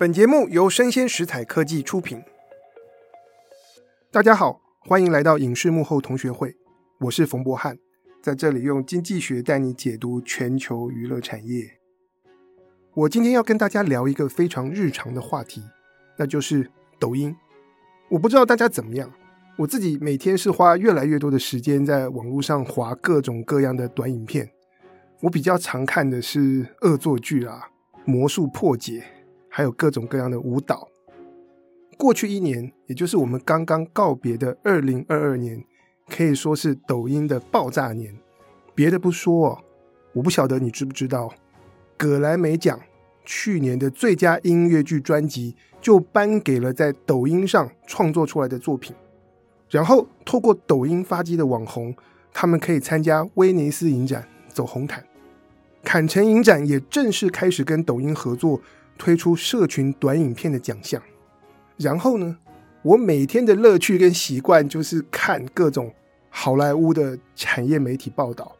本節目由聲鮮時采科技出品。大家好，歡迎來到影視幕後同學會。我是馮博翰，在這裡用經濟學帶你解讀全球娛樂產業。我今天要跟大家聊一個非常日常的話題，那就是抖音。我不知道大家怎麼樣，我自己每天是花越來越多的時間在網絡上滑各種各樣的短影片。我比較常看的是惡作劇啊、魔術破解。還有各種各樣的舞蹈。過去一年，也就是我們剛剛告別的二零二二年，可以說是抖音的爆炸年。別的不說哦，我不曉得你知不知道，葛萊美獎去年的最佳音樂劇專輯就頒給了在抖音上創作出來的作品。然後，透過抖音發跡的網紅，他們可以參加威尼斯影展，走紅毯。坎城影展也正式開始跟抖音合作。推出社群短影片的獎項，然後呢，我每天的樂趣跟習慣就是看各種好萊塢的產業媒體報道。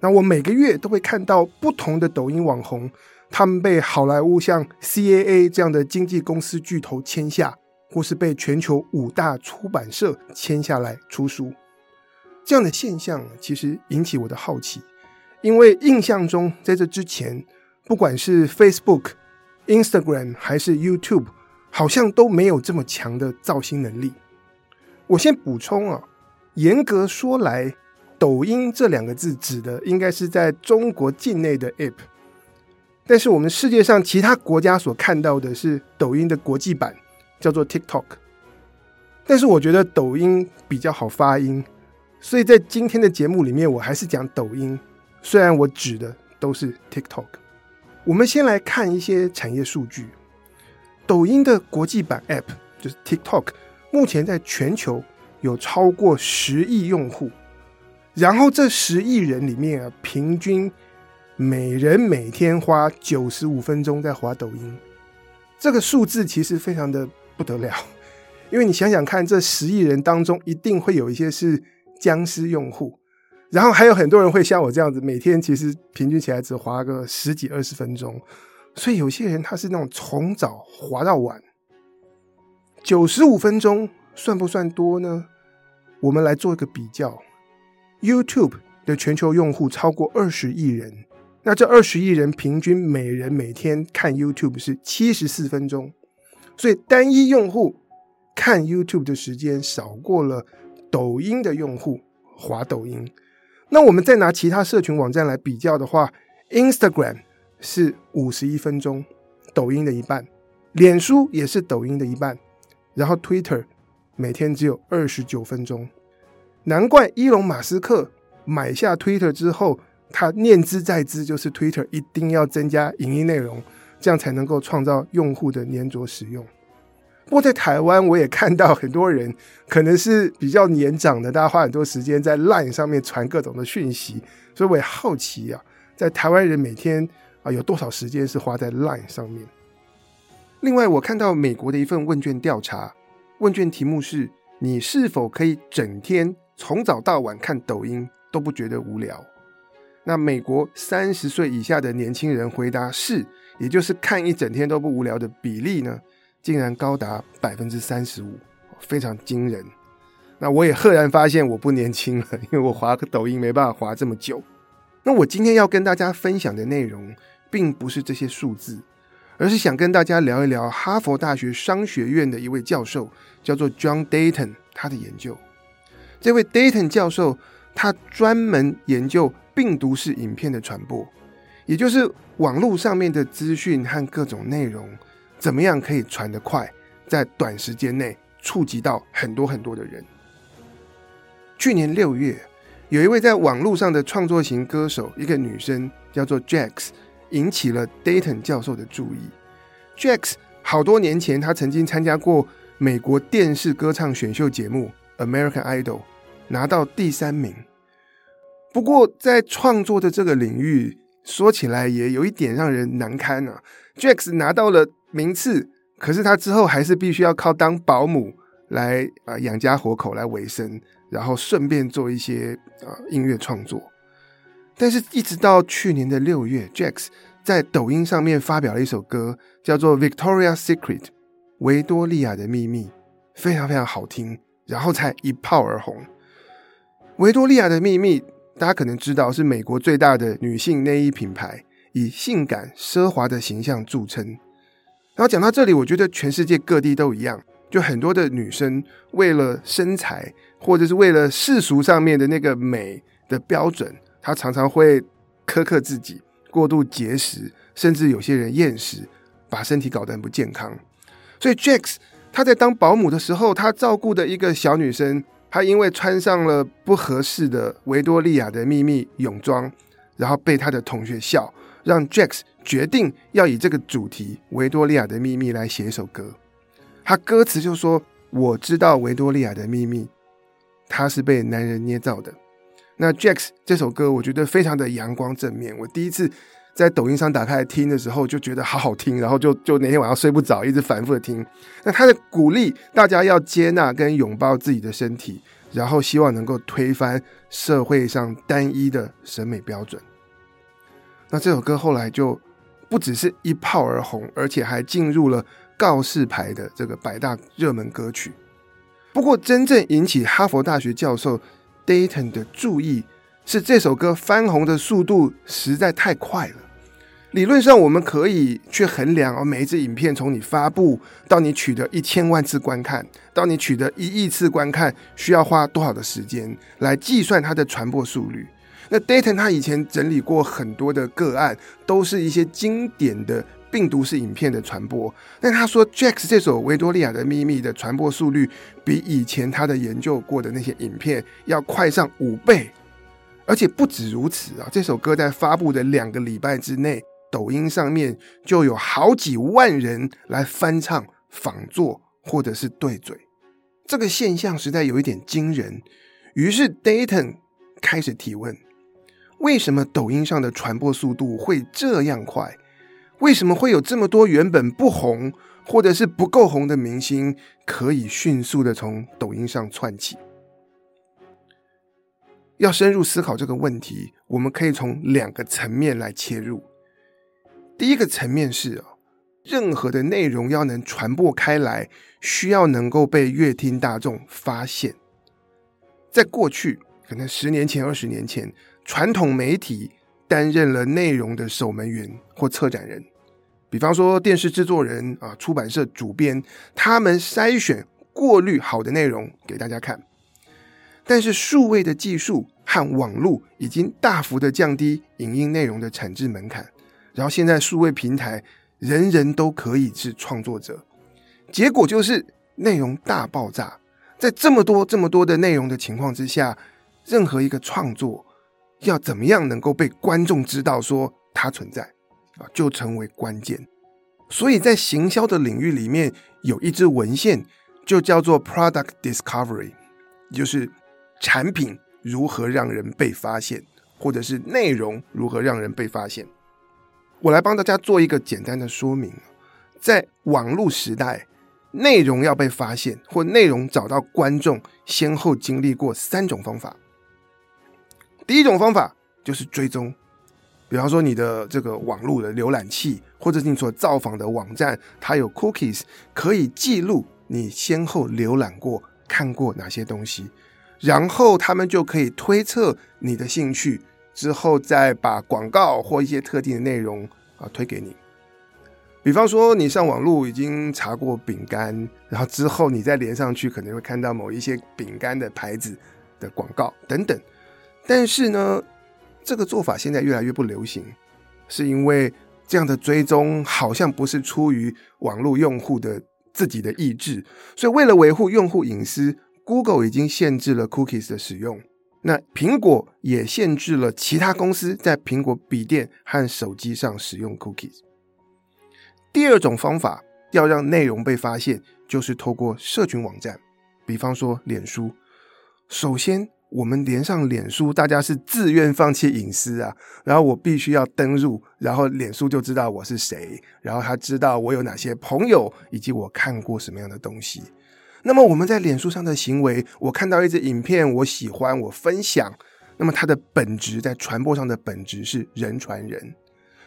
那我每個月都會看到不同的抖音網紅，他們被好萊塢像 CAA 這樣的經紀公司巨頭簽下，或是被全球五大出版社簽下來出書。這樣的現象其實引起我的好奇，因為印象中在這之前，不管是 Facebook，Instagram 還是 YouTube，好像都沒有這麼強的造星能力。我先補充啊，嚴格說來，抖音這兩個字指的應該是在中國境內的 App，但是我們世界上其他國家所看到的是抖音的國際版，叫做 TikTok。但是我覺得抖音比較好發音，所以在今天的節目裡面，我還是講抖音，雖然我指的都是 TikTok。我們先來看一些產業數據。抖音的國際版 App 就是 TikTok，目前在全球有超過十億用戶。然後這十億人裡面，啊，平均每人每天花九十五分鐘在滑抖音。這個數字其實非常的不得了，因為你想想看，這十億人當中，一定會有一些是殭屍用戶。然後還有很多人會像我這樣子，每天其實平均起來只滑個十幾二十分鐘。所以有些人他是那種從早滑到晚。九十五分鐘算不算多呢？我們來做一個比較。YouTube 的全球用戶超過二十億人，那這二十億人平均每人每天看 YouTube 是七十四分鐘，所以單一用戶看 YouTube 的時間少過了抖音的用戶滑抖音。那我們再拿其他社群網站來比較的話，Instagram 是五十一分鐘，抖音的一半，臉書也是抖音的一半，然後 Twitter 每天只有二十九分鐘。難怪伊隆馬斯克買下 Twitter 之後，他念茲在茲，就是 Twitter 一定要增加影音內容，這樣才能夠創造用戶的黏着使用。不過在台灣，我也看到很多人可能是比較年長的，大家花很多時間在 LINE 上面傳各種的訊息，所以我也好奇啊，在台灣人每天啊有多少時間是花在 LINE 上面？另外，我看到美國的一份問卷調查，問卷題目是：你是否可以整天從早到晚看抖音，都不覺得無聊？那美國三十歲以下的年輕人回答是，也就是看一整天都不無聊的比例呢？竟然高達百分之三十五，非常驚人。那我也赫然發現我不年輕了，因為我滑個抖音沒辦法滑這麼久。那我今天要跟大家分享的內容，並不是這些數字，而是想跟大家聊一聊哈佛大學商學院的一位教授，叫做 John Dayton，他的研究。這位 Dayton 教授，他專門研究病毒式影片的傳播，也就是網絡上面的資訊和各種內容。怎麼樣可以傳得快，在短時間內觸及到很多很多的人？去年六月，有一位在網絡上的創作型歌手，一個女生叫做 Jax，引起了 Dayton 教授的注意。Jax 好多年前，她曾經參加過美國電視歌唱選秀節目《American Idol》，拿到第三名。不過，在創作的這個領域，說起來也有一點讓人難堪啊。Jax 拿到了名次，可是他之後還是必須要靠當保姆來啊、呃、養家活口來維生，然後順便做一些啊、呃、音樂創作。但是，一直到去年的六月，Jax 在抖音上面發表了一首歌，叫做《Victoria's Secret 維多利亞的秘密》，非常非常好聽，然後才一炮而紅。維多利亞的秘密，大家可能知道是美國最大的女性內衣品牌，以性感奢華的形象著稱。然後講到這裡，我覺得全世界各地都一樣，就很多的女生為了身材或者是為了世俗上面的那個美的標準，她常常會苛刻自己，過度節食，甚至有些人厭食，把身體搞得很不健康。所以，Jax 她在當保姆的時候，她照顧的一個小女生，她因為穿上了不合適的《維多利亞的秘密》泳裝，然後被她的同學笑。讓 Jax 決定要以這個主題《維多利亞的秘密》來寫一首歌，他歌詞就說：“我知道維多利亞的秘密，它是被男人捏造的。”那 Jax 這首歌我覺得非常的陽光正面。我第一次在抖音上打開來聽的時候就覺得好好聽，然後就就那天晚上睡不着，一直反復的聽。那他的鼓勵大家要接納跟擁抱自己的身體，然後希望能夠推翻社會上單一的審美標準。那這首歌後來就不只是一炮而紅，而且還進入了告示牌的這個百大熱門歌曲。不過，真正引起哈佛大學教授 Dayton 的注意是這首歌翻紅的速度實在太快了。理論上，我們可以去衡量哦，每一支影片從你發布到你取得一千萬次觀看，到你取得一億次觀看，需要花多少的時間來計算它的傳播速率。那 Dayton 他以前整理過很多的個案，都是一些經典的病毒式影片的傳播。但他說 Jax 這首《維多利亞的秘密》的傳播速率比以前他的研究過的那些影片要快上五倍，而且不止如此啊！這首歌在發布的兩個禮拜之內，抖音上面就有好幾萬人來翻唱、仿作或者是對嘴。這個現象實在有一點驚人。於是 Dayton 開始提問。為什麼抖音上的傳播速度會這樣快？為什麼會有這麼多原本不紅或者是不夠紅的明星可以迅速的從抖音上竄起？要深入思考這個問題，我們可以從兩個層面來切入。第一個層面是任何的內容要能傳播開來，需要能夠被閱聽大眾發現。在過去，可能十年前、二十年前，傳統媒體擔任了內容的守門員或策展人，比方說電視製作人啊、出版社主編，他們篩選、過濾好的內容給大家看。但是數位的技術和網絡已經大幅的降低影音內容的產製門檻，然後現在數位平台人人都可以是創作者，結果就是內容大爆炸。在這麼多、這麼多的內容的情況之下，任何一個創作要怎麼樣能夠被觀眾知道說它存在啊，就成為關鍵。所以在行銷的領域裡面，有一支文獻就叫做 Product Discovery，就是產品如何讓人被發現，或者是內容如何讓人被發現。我來幫大家做一個簡單的說明。在網絡時代，內容要被發現或內容找到觀眾，先後經歷過三種方法。第一種方法就是追蹤，比方說你的這個網絡的瀏覽器或者你所造訪的網站，它有 cookies 可以記錄你先後瀏覽過、看過哪些東西，然後他們就可以推測你的興趣，之後再把廣告或一些特定的內容啊推給你。比方說你上網路已經查過餅乾，然後之後你再連上去，可能會看到某一些餅乾的牌子的廣告等等。但是呢，這個做法現在越來越不流行，是因為這樣的追蹤好像不是出於網絡用戶的自己的意志，所以為了維護用戶隱私，Google 已經限制了 Cookies 的使用。那蘋果也限制了其他公司在蘋果筆電和手機上使用 Cookies。第二種方法要讓內容被發現，就是透過社群網站，比方說臉書。首先。我們連上臉書，大家是自願放棄隱私啊。然後我必須要登入，然後臉書就知道我是誰，然後他知道我有哪些朋友，以及我看過什麼樣的東西。那麼我們在臉書上的行為，我看到一只影片，我喜歡，我分享，那麼它的本質，在傳播上的本質是人傳人。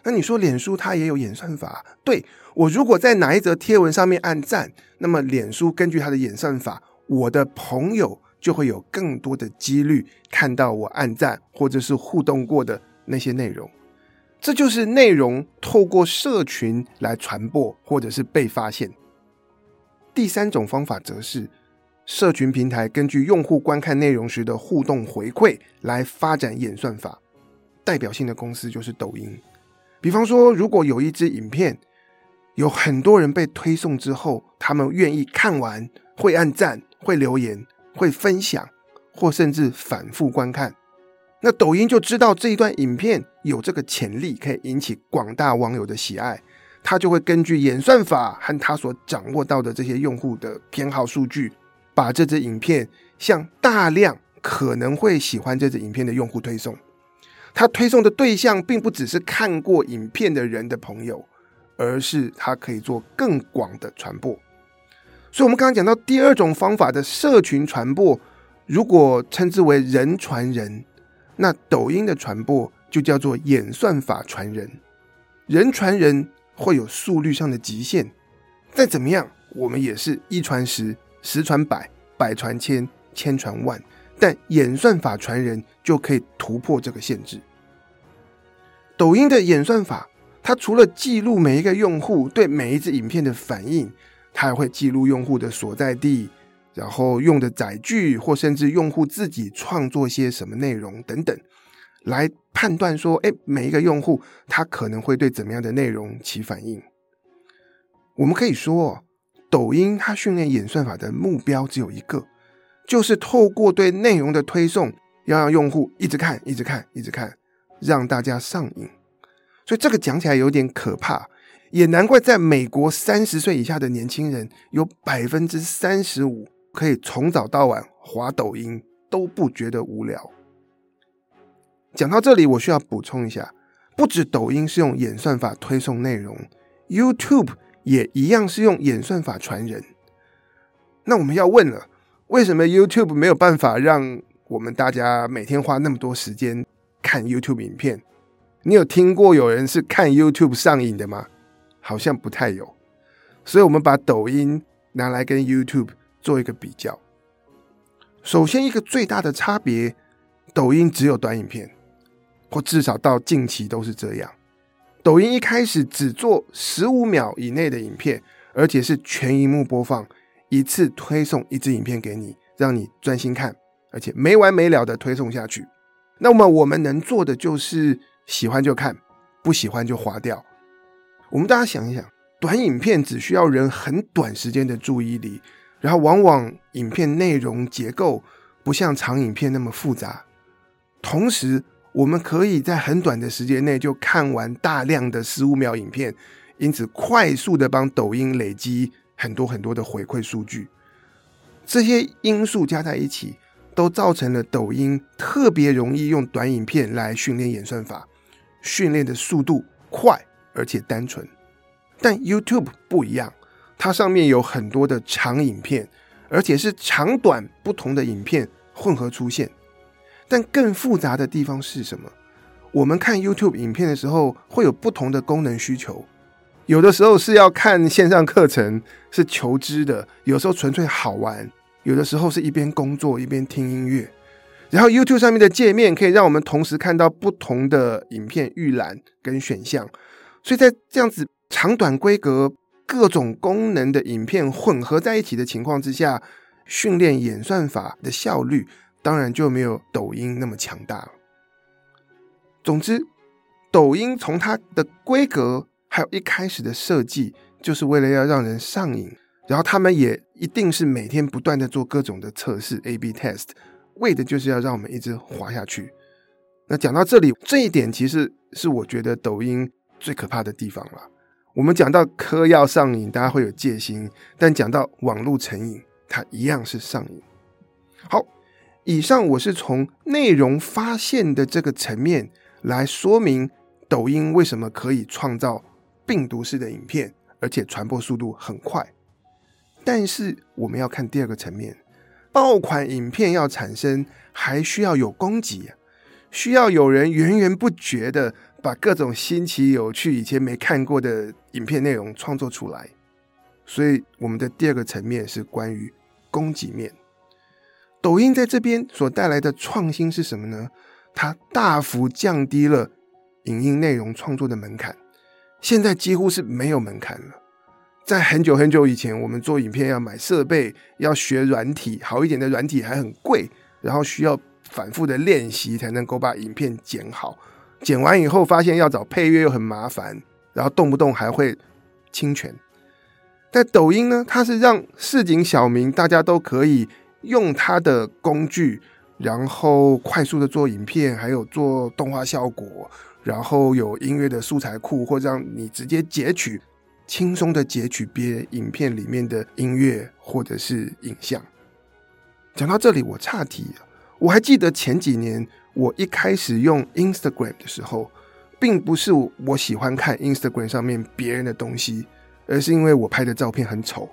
那你說臉書它也有演算法？對，我如果在哪一則貼文上面按贊，那麼臉書根據它的演算法，我的朋友就會有更多的幾率看到我按讚或者是互動過的那些內容，這就是內容透過社群來傳播或者是被發現。第三種方法則是，社群平台根據用戶觀看內容時的互動回饋來發展演算法。代表性的公司就是抖音。比方說，如果有一支影片有很多人被推送之後，他們願意看完，會按讚，會留言。會分享，或甚至反覆觀看，那抖音就知道這一段影片有這個潛力，可以引起廣大網友的喜愛，他就會根據演算法和他所掌握到的這些用戶的偏好數據，把這支影片向大量可能會喜歡這支影片的用戶推送。他推送的對象並不只是看過影片的人的朋友，而是他可以做更廣的傳播。所以，我們剛剛講到第二種方法的社群傳播，如果稱之為“人傳人”，那抖音的傳播就叫做“演算法傳人”。人傳人會有速率上的極限，再怎麼樣，我們也是一傳十、十傳百、百傳千、千傳萬。但演算法傳人就可以突破這個限制。抖音的演算法，它除了記錄每一個用戶對每一支影片的反應。它還會記錄用戶的所在地，然後用的載具，或甚至用戶自己創作些什麼內容等等，來判斷說，哎，每一個用戶他可能會對怎麼樣的內容起反應。我們可以說，抖音它訓練演算法的目標只有一個，就是透過對內容的推送，要讓用戶一直看、一直看、一直看，讓大家上癮。所以這個講起來有點可怕。也難怪，在美國，三十歲以下的年輕人有百分之三十五可以從早到晚滑抖音都不覺得無聊。講到這裡，我需要補充一下，不止抖音是用演算法推送內容，YouTube 也一樣是用演算法傳人。那我們要問了，為什麼 YouTube 沒有辦法讓我們大家每天花那麼多時間看 YouTube 影片？你有聽過有人是看 YouTube 上癮的嗎？好像不太有，所以我們把抖音拿來跟 YouTube 做一個比較。首先，一個最大的差別，抖音只有短影片，或至少到近期都是這樣。抖音一開始只做十五秒以內的影片，而且是全熒幕播放，一次推送一支影片給你，讓你專心看，而且沒完沒了的推送下去。那麼我們能做的就是喜歡就看，不喜歡就劃掉。我們大家想一想，短影片只需要人很短時間的注意力，然後往往影片內容結構不像長影片那麼複雜，同時我們可以在很短的時間內就看完大量的十五秒影片，因此快速的幫抖音累積很多很多的回饋數據，這些因素加在一起，都造成了抖音特別容易用短影片來訓練演算法，訓練的速度快。而且單純，但 YouTube 不一樣，它上面有很多的長影片，而且是長短不同的影片混合出現。但更複雜的地方是什麼？我們看 YouTube 影片的時候，會有不同的功能需求，有的時候是要看線上課程，是求知的，有的時候純粹好玩，有的時候是一邊工作一邊聽音樂。然後 YouTube 上面的界面可以讓我們同時看到不同的影片預覽跟選項。所以在這樣子長短規格、各種功能的影片混合在一起的情況之下，訓練演算法的效率當然就沒有抖音那麼強大了。總之，抖音從它的規格，還有一開始的設計，就是為了要讓人上癮，然後他們也一定是每天不斷的做各種的測試，AB test，為的就是要讓我們一直滑下去。那講到這裡，這一點其實是我覺得抖音。最可怕的地方了。我們講到嗑藥上癮，大家會有戒心；但講到網絡成癮，它一樣是上癮。好，以上我是從內容發現的這個層面來說明抖音為什麼可以創造病毒式的影片，而且傳播速度很快。但是我們要看第二個層面，爆款影片要產生，還需要有供給。需要有人源源不絕的把各種新奇有趣、以前沒看過的影片內容創作出來，所以我們的第二個層面是關於供給面。抖音在這邊所帶來的創新是什麼呢？它大幅降低了影音內容創作的門檻，現在幾乎是沒有門檻了。在很久很久以前，我們做影片要買設備，要學軟體，好一點的軟體還很貴，然後需要反覆的練習才能夠把影片剪好，剪完以後發現要找配樂又很麻煩，然後動不動還會侵權。在抖音呢，它是讓市井小民大家都可以用它的工具，然後快速的做影片，還有做動畫效果，然後有音樂的素材庫，或讓你直接截取，輕鬆的截取別人影片裡面的音樂或者是影像。講到這裡，我岔題了。我還記得前幾年，我一開始用 Instagram 的時候，並不是我喜歡看 Instagram 上面別人的東西，而是因為我拍的照片很醜。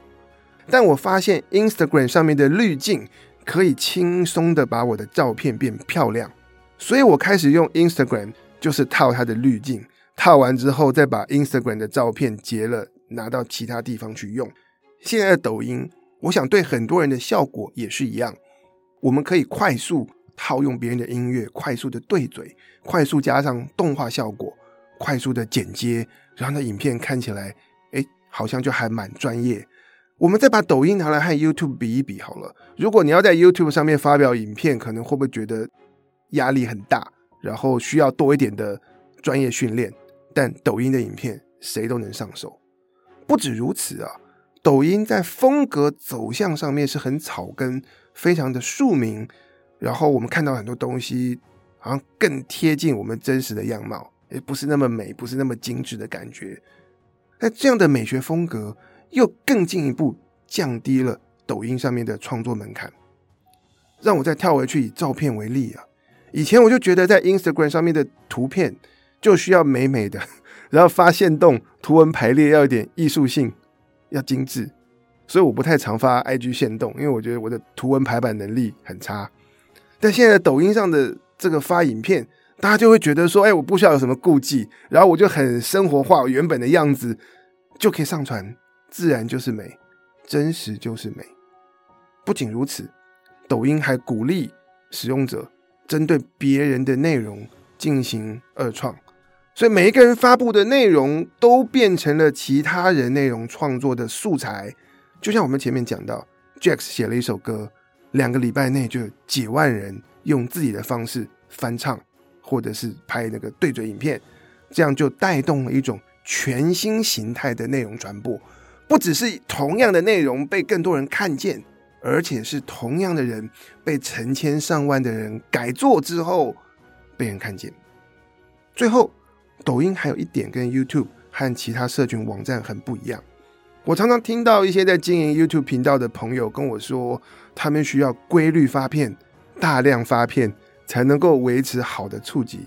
但我發現 Instagram 上面的濾鏡可以輕鬆的把我的照片變漂亮，所以我開始用 Instagram 就是套它的濾鏡，套完之後再把 Instagram 的照片截了，拿到其他地方去用。現在的抖音，我想對很多人的效果也是一樣。我們可以快速套用別人的音樂，快速的對嘴，快速加上動畫效果，快速的剪接，然後那影片看起來，哎，好像就還蠻專業。我們再把抖音拿來和 YouTube 比一比好了。如果你要在 YouTube 上面發表影片，可能會不會覺得壓力很大，然後需要多一點的專業訓練？但抖音的影片誰都能上手。不止如此啊，抖音在風格走向上面是很草根，非常的庶民，然後我們看到很多東西，好像更貼近我們真實的樣貌，也不是那麼美，不是那麼精緻的感覺。那這樣的美學風格，又更進一步降低了抖音上面的創作門檻。讓我再跳回去以照片為例啊，以前我就覺得在 Instagram 上面的圖片就需要美美的，然後發現動，圖文排列要有點藝術性，要精緻。所以我不太常發 IG 限動，因為我覺得我的圖文排版能力很差。但現在抖音上的這個發影片，大家就會覺得說：“哎、欸，我不需要有什麼顧忌，然後我就很生活化，我原本的樣子就可以上傳，自然就是美，真實就是美。”不僅如此，抖音還鼓勵使用者針對別人的內容進行二創，所以每一個人發布的內容都變成了其他人內容創作的素材。就像我們前面講到，Jax 寫了一首歌，兩個禮拜內就有幾萬人用自己的方式翻唱，或者是拍那個對嘴影片，這樣就帶動了一種全新形態的內容傳播。不只是同樣的內容被更多人看見，而且是同樣的人被成千上萬的人改做之後被人看見。最後，抖音還有一點跟 YouTube 和其他社群網站很不一樣。我常常聽到一些在經營 YouTube 頻道的朋友跟我說，他們需要規律發片、大量發片，才能夠維持好的觸及。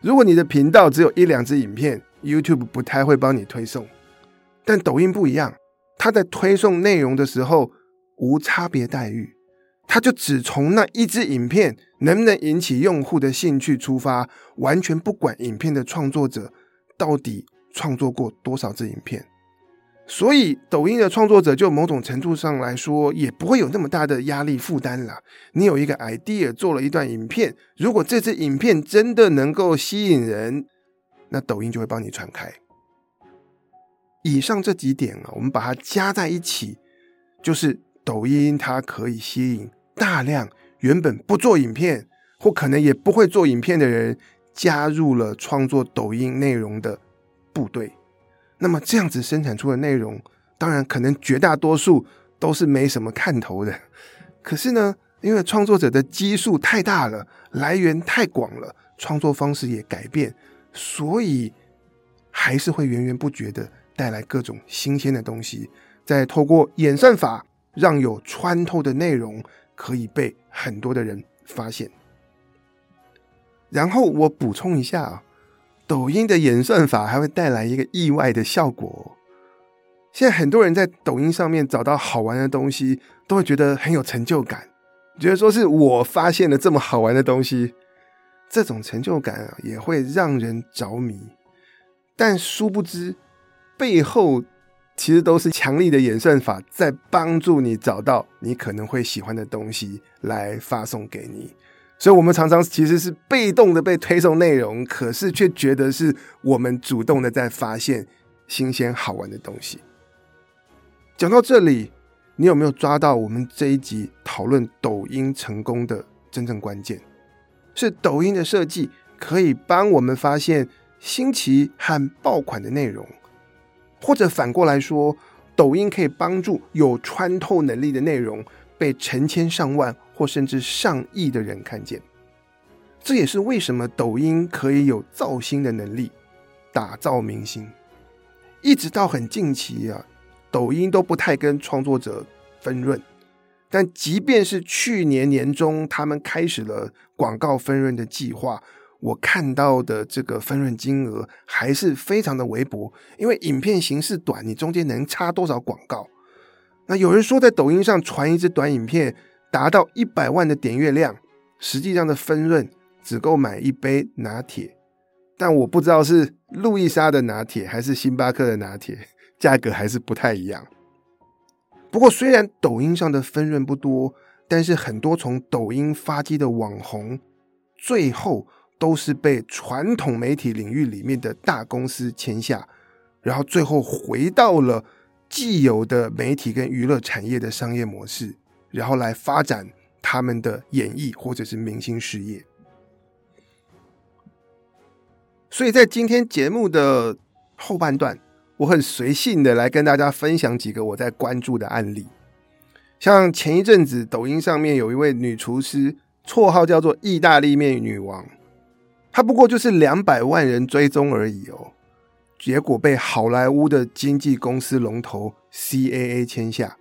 如果你的頻道只有一兩支影片，YouTube 不太會幫你推送。但抖音不一樣，它在推送內容的時候無差別待遇，它就只從那一支影片能不能引起用戶的興趣出發，完全不管影片的創作者到底創作過多少支影片。所以，抖音的創作者就某種程度上來說，也不會有那麼大的壓力負擔啦。你有一個 idea，做了一段影片，如果這支影片真的能夠吸引人，那抖音就會幫你傳開。以上這幾點啊，我們把它加在一起，就是抖音它可以吸引大量原本不做影片或可能也不會做影片的人，加入了創作抖音內容的部隊。那麼這樣子生產出的內容，當然可能絕大多數都是沒什麼看頭的。可是呢，因為創作者的基數太大了，來源太廣了，創作方式也改變，所以還是會源源不絕的帶來各種新鮮的東西。再透過演算法，讓有穿透的內容可以被很多的人發現。然後我補充一下啊。抖音的演算法還會帶來一個意外的效果。現在很多人在抖音上面找到好玩的東西，都會覺得很有成就感，覺得說是我發現了這麼好玩的東西，這種成就感啊也會讓人着迷。但殊不知，背後其實都是強力的演算法在幫助你找到你可能會喜歡的東西來發送給你。所以，我們常常其實是被動的被推送內容，可是卻覺得是我們主動的在發現新鮮好玩的東西。講到這裡，你有沒有抓到我們這一集討論抖音成功的真正關鍵？是抖音的設計可以幫我們發現新奇和爆款的內容，或者反過來說，抖音可以幫助有穿透能力的內容被成千上萬或甚至上億的人看見，這也是為什麼抖音可以有造星的能力，打造明星。一直到很近期啊，抖音都不太跟創作者分潤。但即便是去年年中他們開始了廣告分潤的計劃，我看到的這個分潤金額還是非常的微薄，因為影片形式短，你中間能插多少廣告？那有人說，在抖音上傳一支短影片，達到一百萬的點閱量，實際上的分潤只夠買一杯拿鐵。但我不知道是路易莎的拿鐵還是星巴克的拿鐵，價格還是不太一樣。不過，雖然抖音上的分潤不多，但是很多從抖音發跡的網紅，最後都是被傳統媒體領域裡面的大公司簽下，然後最後回到了。既有的媒體跟娛樂產業的商業模式，然後來發展他們的演藝或者是明星事業。所以在今天節目的後半段，我很隨性的來跟大家分享幾個我在關注的案例，像前一陣子抖音上面有一位女廚師，綽號叫做“意大利麵女王”，她不過就是兩百萬人追蹤而已哦。結果被好萊塢的經紀公司龍頭 CAA 簽下，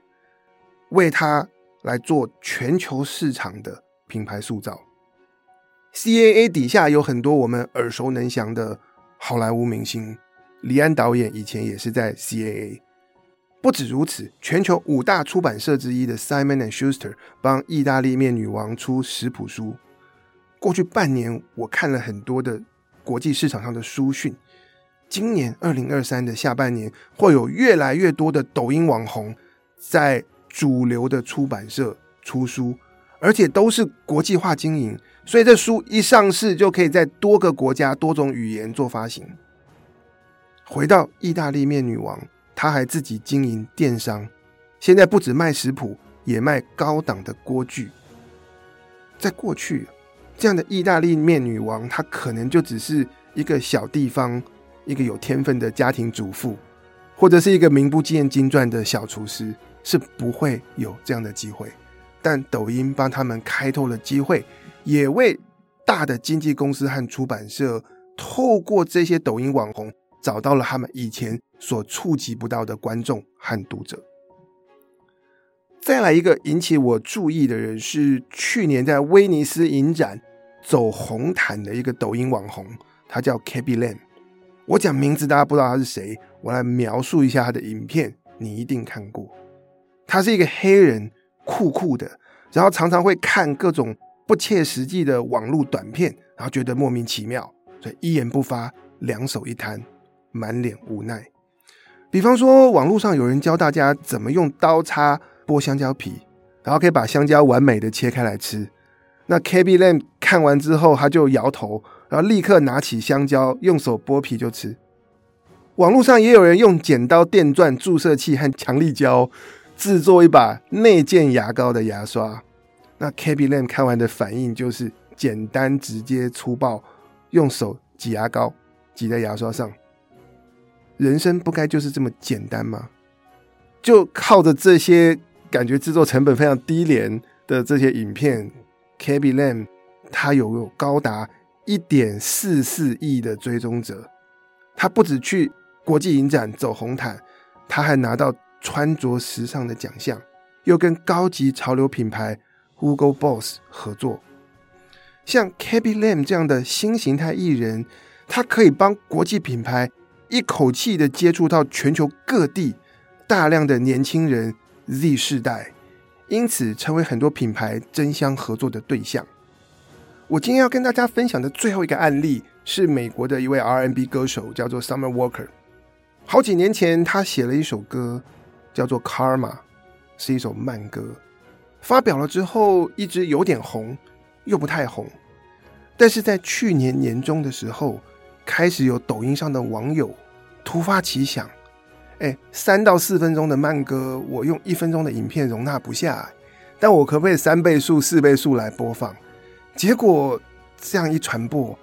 為他來做全球市場的品牌塑造。CAA 底下有很多我們耳熟能詳的好萊塢明星，李安導演以前也是在 CAA。不止如此，全球五大出版社之一的 Simon and Schuster 幫意大利麵女王出食譜書。過去半年，我看了很多的國際市場上的書訊。今年二零二三的下半年，會有越來越多的抖音網紅在主流的出版社出書，而且都是國際化經營，所以這書一上市就可以在多個國家、多種語言做發行。回到意大利面女王，她還自己經營電商，現在不止賣食譜，也賣高檔的鍋具。在過去，這樣的意大利面女王，她可能就只是一個小地方，一個有天分的家庭主婦，或者是一個名不見經傳的小廚師，是不會有這樣的機會。但抖音幫他們開拓了機會，也為大的經紀公司和出版社，透過這些抖音網紅，找到了他們以前所觸及不到的觀眾和讀者。再來一個引起我注意的人是去年在威尼斯影展走紅毯的一個抖音網紅，他叫 Khaby Lame 我講名字，大家不知道他是誰，我來描述一下他的影片，你一定看過。他是一個黑人，酷酷的，然後常常會看各種不切實際的網絡短片，然後覺得莫名其妙，所以一言不發，兩手一攤，滿臉無奈。比方說，網絡上有人教大家怎麼用刀叉剝香蕉皮，然後可以把香蕉完美的切開來吃。那 Khaby Lame 看完之後，他就搖頭。然後立刻拿起香蕉，用手剝皮就吃。網絡上也有人用剪刀、電鑽、注射器和強力膠制作一把內建牙膏的牙刷。那 Khaby Lame 看完的反應就是：簡單、直接、粗暴，用手擠牙膏，擠在牙刷上。人生不該就是這麼簡單嗎？就靠着這些感覺，制作成本非常低廉的這些影片，Khaby Lame 他有高達，一點四四億的追蹤者，他不只去國際影展走紅毯，他還拿到穿着時尚的獎項，又跟高級潮流品牌 Hugo Boss 合作。像 Kaby Lam 這樣的新形態藝人，他可以幫國際品牌一口氣的接觸到全球各地大量的年輕人 Z 世代，因此成為很多品牌爭相合作的對象。我今天要跟大家分享的最後一個案例是美國的一位 R&B 歌手，叫做 Summer Walker。好幾年前，他寫了一首歌，叫做《Karma》，是一首慢歌。發表了之後，一直有點紅，又不太紅。但是在去年年中的時候，開始有抖音上的網友突發奇想，哎、欸，三到四分鐘的慢歌，我用一分鐘的影片容納不下，但我可不可以三倍速、四倍速來播放？結果這樣一傳播，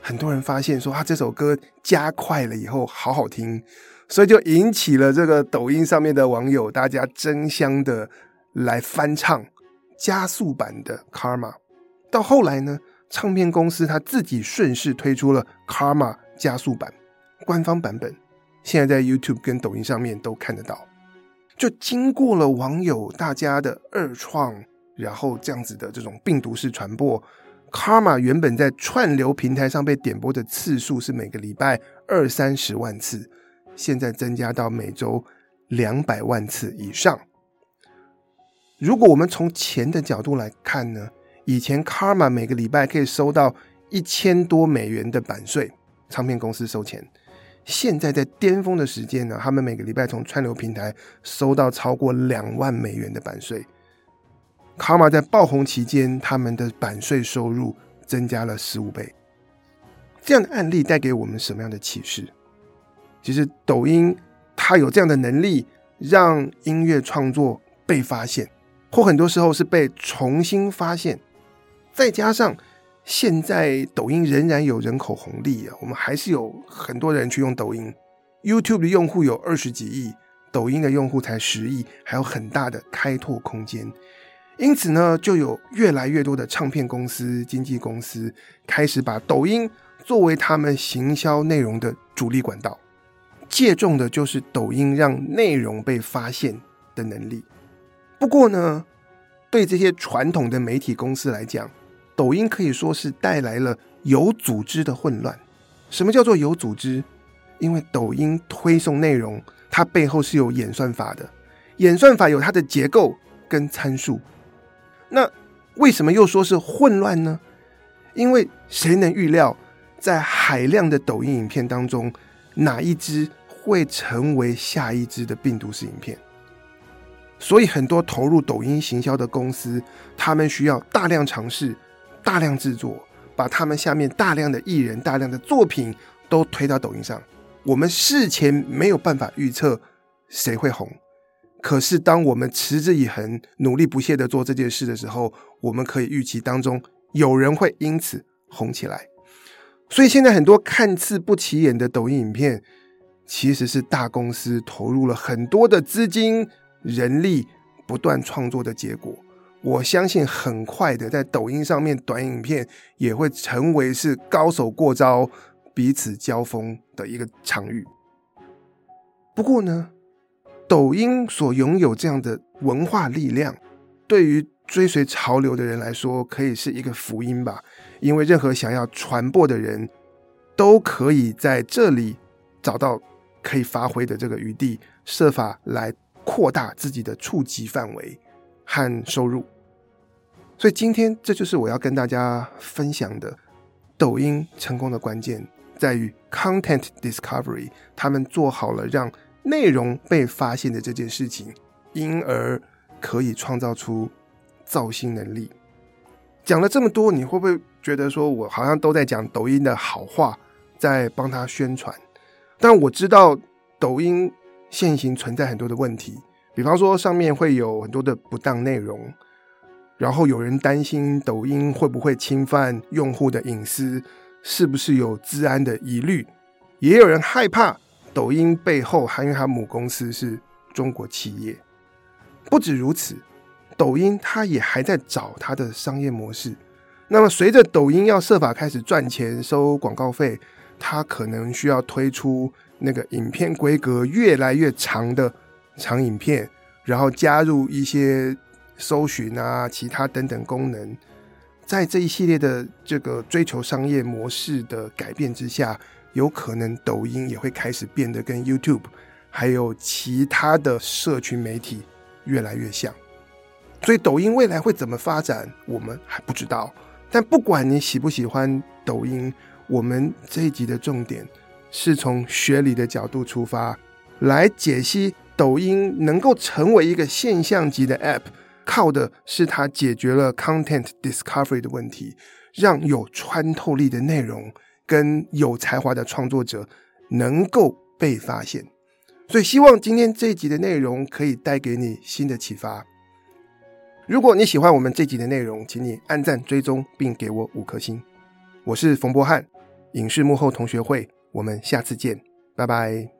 很多人發現說，啊，這首歌加快了以後好好聽，所以就引起了這個抖音上面的網友，大家爭相的來翻唱加速版的《Karma》。到後來呢，唱片公司他自己順勢推出了《Karma》加速版官方版本，現在在 YouTube 跟抖音上面都看得到，就經過了網友大家的二創。然後這樣子的這種病毒式傳播，Karma 原本在串流平台上被點播的次數是每個禮拜二三十萬次，現在增加到每周兩百萬次以上。如果我們從錢的角度來看呢，以前 Karma 每個禮拜可以收到一千多美元的版稅，唱片公司收錢。現在在巔峰的時間呢，他們每個禮拜從串流平台收到超過兩萬美元的版稅。卡馬在爆紅期間，他們的版稅收入增加了十五倍。這樣的案例帶給我們什麼樣的啟示？其實，抖音它有這樣的能力，讓音樂創作被發現，或很多時候是被重新發現。再加上現在抖音仍然有人口紅利啊，我們還是有很多人去用抖音。YouTube 的用戶有二十幾億，抖音的用戶才十億，還有很大的開拓空間。因此呢，就有越來越多的唱片公司、經紀公司開始把抖音作為他們行銷內容的主力管道，借重的就是抖音讓內容被發現的能力。不過呢，對這些傳統的媒體公司來講，抖音可以說是帶來了有組織的混亂。什麼叫做有組織？因為抖音推送內容，它背後是有演算法的，演算法有它的結構跟參數。那為什麼又說是混亂呢？因為誰能預料，在海量的抖音影片當中，哪一支會成為下一支的病毒式影片？所以很多投入抖音行銷的公司，他們需要大量嘗試、大量製作，把他們下面大量的藝人、大量的作品都推到抖音上。我們事前沒有辦法預測誰會紅。可是，當我們持之以恆、努力不懈的做這件事的時候，我們可以預期當中有人會因此紅起來。所以，現在很多看似不起眼的抖音影片，其實是大公司投入了很多的資金、人力，不斷創作的結果。我相信，很快的，在抖音上面短影片也會成為是高手過招、彼此交鋒的一個場域。不過呢，抖音所擁有這樣的文化力量，對於追隨潮流的人來說，可以是一個福音吧。因為任何想要傳播的人，都可以在這裡找到可以發揮的這個餘地，設法來擴大自己的觸及範圍和收入。所以今天，這就是我要跟大家分享的，抖音成功的關鍵在於 content discovery，他們做好了讓內容被發現的這件事情，因而可以創造出造星能力。講了這麼多，你會不會覺得說我好像都在講抖音的好話，在幫他宣傳？但我知道抖音現行存在很多的問題，比方說上面會有很多的不當內容，然後有人擔心抖音會不會侵犯用戶的隱私，是不是有治安的疑慮？也有人害怕。抖音背後，還因為它母公司是中國企業。不止如此，抖音它也還在找它的商業模式。那麼，隨着抖音要設法開始賺錢收、收廣告費，它可能需要推出那個影片規格越來越長的長影片，然後加入一些搜尋啊、其他等等功能。在這一系列的這個追求商業模式的改變之下。有可能抖音也會開始變得跟 YouTube，還有其他的社群媒體越來越像。所以抖音未來會怎麼發展，我們還不知道。但不管你喜不喜歡抖音，我們這一集的重點是從學理的角度出發來解析抖音能夠成為一個現象級的 App，靠的是它解決了 Content Discovery 的問題，讓有穿透力的內容。跟有才華的創作者能夠被發現，所以希望今天這一集的內容可以帶給你新的啟發。如果你喜歡我們這一集的內容，請你按讚、追蹤，並給我五顆星。我是馮波翰，影視幕後同學會，我們下次見，拜拜。